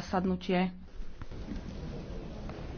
zasadnutie.